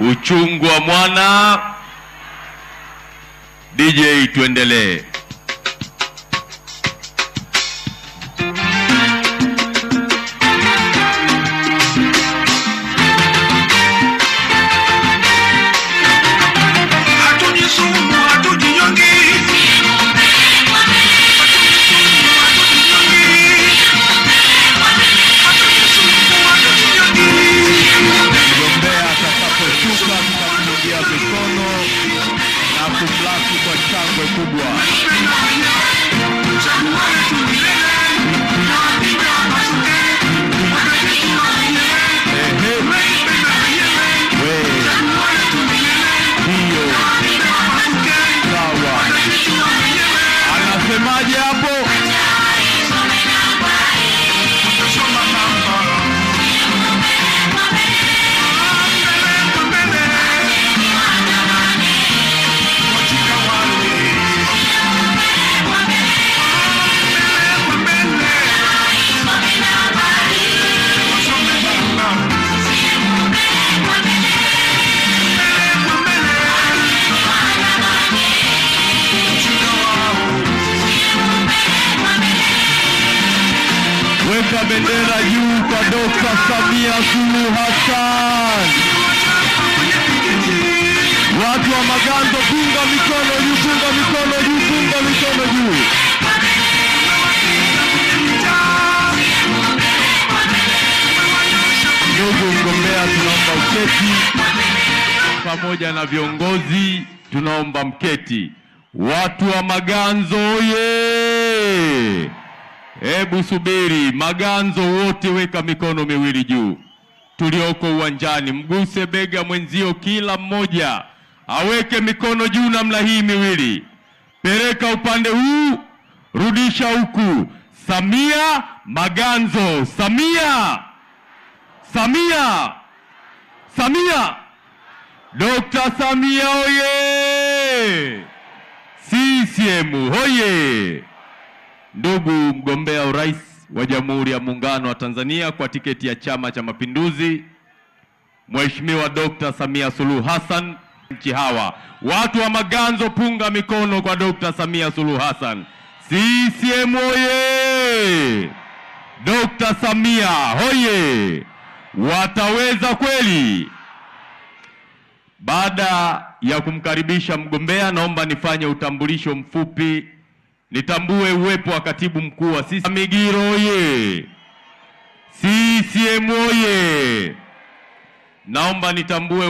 uchungu wa mwana DJ, tuendelee. watu kwa shangwe kubwa. Anasemaje hapo? bendera juu kwa Dr. Samia Suluhu Hassan. Watu wa Maganzo, funga mikono juu, funga mikono juu, funga mikono juu. Ndugu mgombea, tunaomba uketi pamoja na viongozi, tunaomba mketi. Watu wa Maganzo oye! Hebu subiri. Maganzo wote weka mikono miwili juu, tulioko uwanjani mguse bega mwenzio, kila mmoja aweke mikono juu namna hii miwili, pereka upande huu, rudisha huku. Samia Maganzo, Samia, Samia, Samia, Dokta Samia oye! CCM hoye! Ndugu mgombea urais wa Jamhuri ya Muungano wa Tanzania kwa tiketi ya Chama cha Mapinduzi, Mheshimiwa Dr. Samia Suluhu Hassan. Nchi hawa watu wa Maganzo, punga mikono kwa Dr. Samia Suluhu Hassan. CCM oye! Dr. Samia hoye! Wataweza kweli. Baada ya kumkaribisha mgombea, naomba nifanye utambulisho mfupi Nitambue uwepo wa katibu mkuu wa CCM. Migiro oye! CCM oye! Naomba nitambue